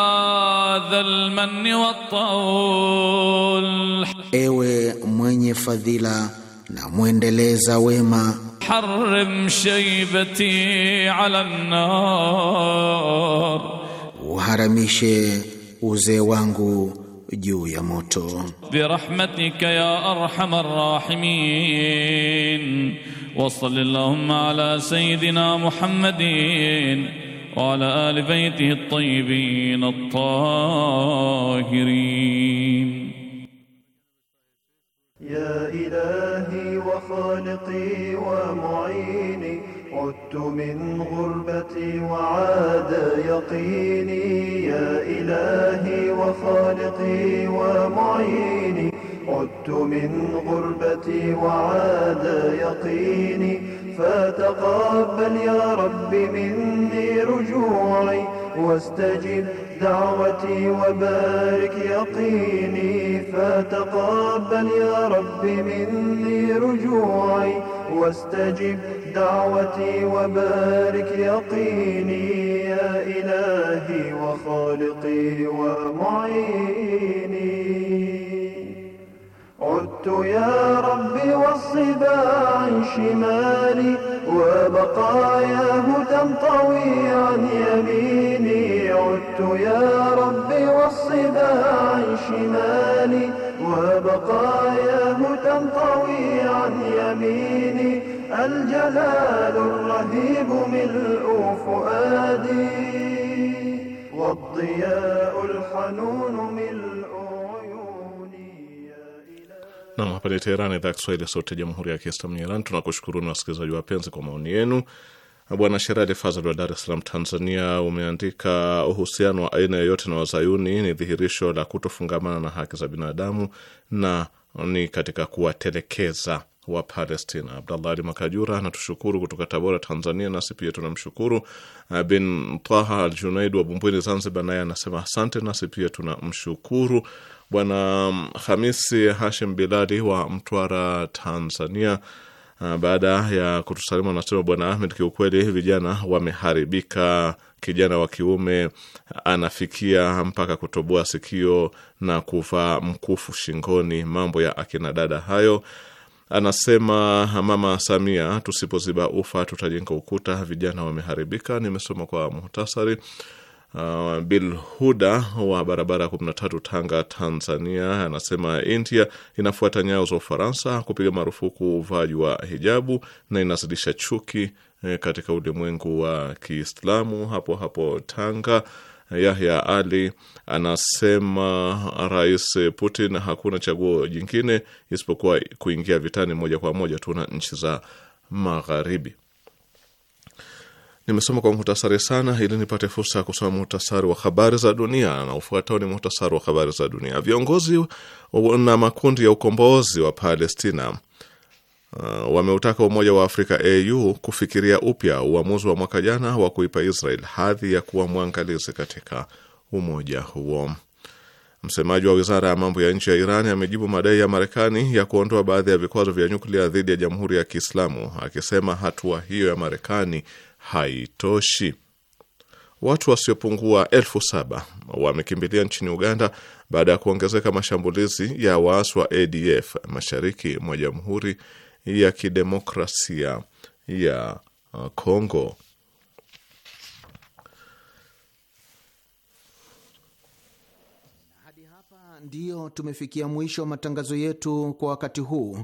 dha manni wat taul, ewe mwenye fadhila na mwendeleza wema. harrim shaybati ala an-nar uharamishe uzee wangu juu ya moto birahmatika ya arhamar rahimin wa sallallahu ala sayidina muhammadin wa ala ali baitihi at-tayyibin at-tahirin ya ilahi wa khaliqi wa mu'ini عدت من غربتي وعاد يقيني يا إلهي وخالقي ومعيني عدت من غربتي وعاد يقيني فتقبل يا رب مني رجوعي واستجب دعوتي وبارك يقيني فتقبل يا رب مني رجوعي واستجب دعوتي وبارك يقيني يا إلهي وخالقي ومعيني عدت يا ربي والصبا عن شمالي وبقاياه تنطوي عن يميني عدت يا ربي والصبا عن شمالي وبقاياه تنطوي عن يميني الجلال الرهيب ملء فؤادي والضياء الحنون ملء Nam, hapa ni Teherani, idhaa ya Kiswahili, sauti ya jamhuri ya kiislamu ya Iran. Tunakushukuruni wasikilizaji wapenzi kwa maoni yenu. Bwana Sherali Fazl wa Dar es Salaam, Tanzania, umeandika uhusiano wa aina yoyote na wazayuni ni dhihirisho la kutofungamana na haki za binadamu na ni katika kuwatelekeza wa Palestina. Abdallah Ali Makajura anatushukuru kutoka Tabora, Tanzania, nasi pia tunamshukuru. Eh, Bin Taha Al Junaid wa Bumbwini, Zanzibar, naye anasema asante, nasi pia tunamshukuru. Bwana Hamisi Hashim Bilali wa Mtwara, Tanzania Ah, baada ya kutusalimu anasema, Bwana Ahmed, kiukweli vijana wameharibika. Kijana wa kiume anafikia mpaka kutoboa sikio na kuvaa mkufu shingoni. Mambo ya akina dada hayo. Anasema Mama Samia, tusipoziba ufa tutajenga ukuta. Vijana wameharibika. Nimesoma kwa muhtasari Uh, huda wa barabara ya 13 Tanga, Tanzania anasema India inafuata nyayo za Ufaransa kupiga marufuku uvaaji wa hijabu na inazidisha chuki eh, katika ulimwengu wa Kiislamu. Hapo hapo Tanga, eh, Yahya Ali anasema Rais Putin hakuna chaguo jingine isipokuwa kuingia vitani moja kwa moja tu na nchi za Magharibi. Nimesoma kwa muhtasari sana, ili nipate fursa ya kusoma muhtasari wa habari za dunia, na ufuatao ni muhtasari wa habari za dunia. Viongozi na makundi ya ukombozi wa Palestina uh, wameutaka Umoja wa Afrika au kufikiria upya uamuzi wa mwaka jana wa kuipa Israel hadhi ya kuwa mwangalizi katika umoja huo. Msemaji wa wizara ya mambo ya nje ya Iran amejibu madai ya Marekani ya kuondoa baadhi ya vikwazo vya nyuklia dhidi ya Jamhuri ya Kiislamu akisema hatua hiyo ya Marekani haitoshi. Watu wasiopungua elfu saba wamekimbilia nchini Uganda baada ya kuongezeka mashambulizi ya waasi wa ADF mashariki mwa Jamhuri ya Kidemokrasia ya uh, Kongo. Hadi hapa ndio tumefikia mwisho wa matangazo yetu kwa wakati huu.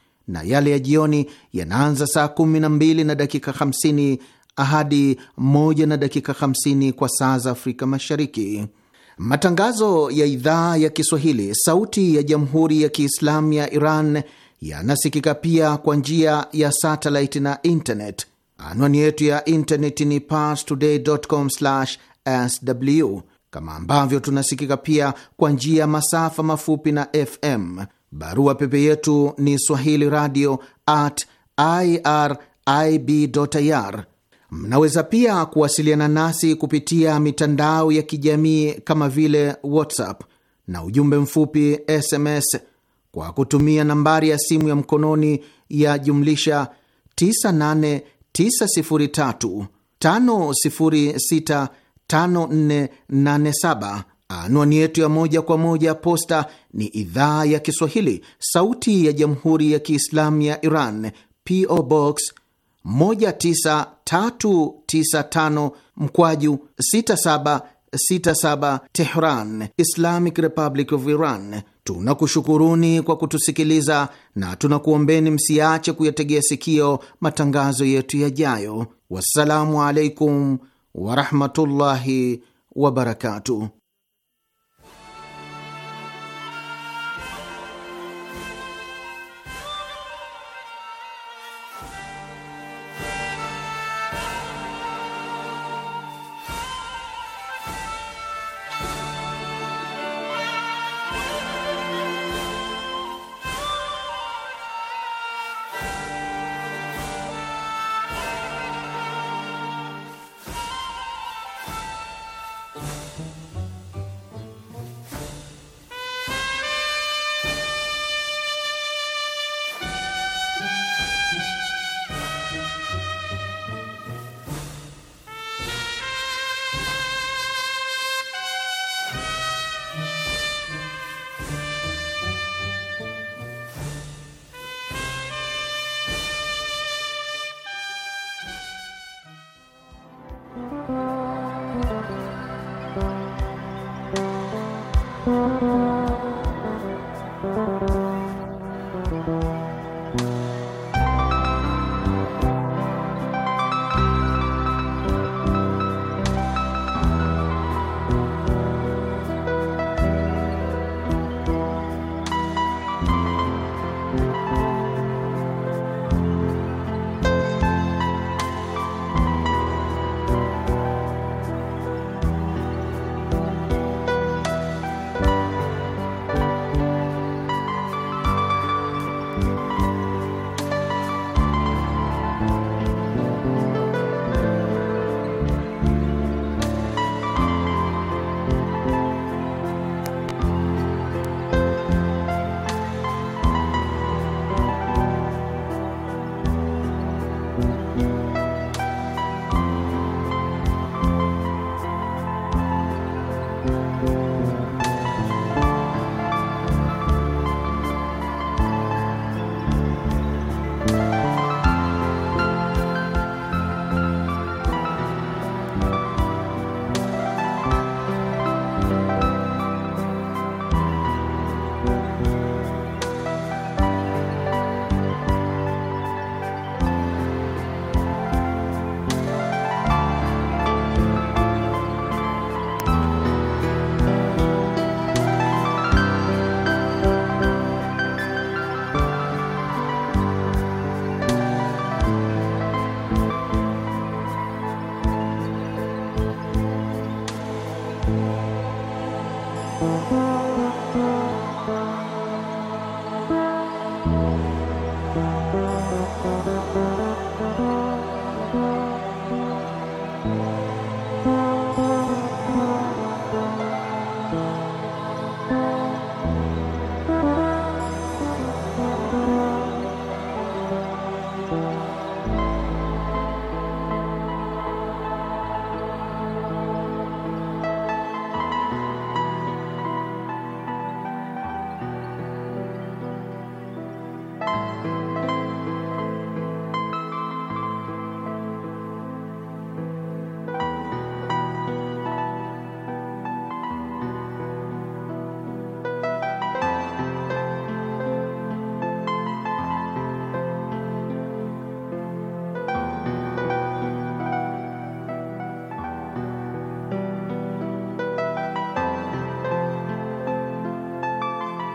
na yale ya jioni yanaanza saa kumi na mbili na dakika hamsini hadi moja na dakika hamsini kwa saa za Afrika Mashariki. Matangazo ya idhaa ya Kiswahili sauti ya Jamhuri ya Kiislamu ya Iran yanasikika pia kwa njia ya satellite na internet. Anwani yetu ya internet ni parstoday.com/sw, kama ambavyo tunasikika pia kwa njia ya masafa mafupi na FM. Barua pepe yetu ni swahili radio at irib ir. Mnaweza pia kuwasiliana nasi kupitia mitandao ya kijamii kama vile WhatsApp na ujumbe mfupi SMS kwa kutumia nambari ya simu ya mkononi ya jumlisha 989035065487 Anwani yetu ya moja kwa moja ya posta ni idhaa ya Kiswahili, sauti ya jamhuri ya kiislamu ya Iran, PO Box 19395 mkwaju 6767 Tehran, Islamic Republic of Iran. Tunakushukuruni kwa kutusikiliza na tunakuombeni msiache kuyategea sikio matangazo yetu yajayo. Wassalamu alaikum warahmatullahi wabarakatuh.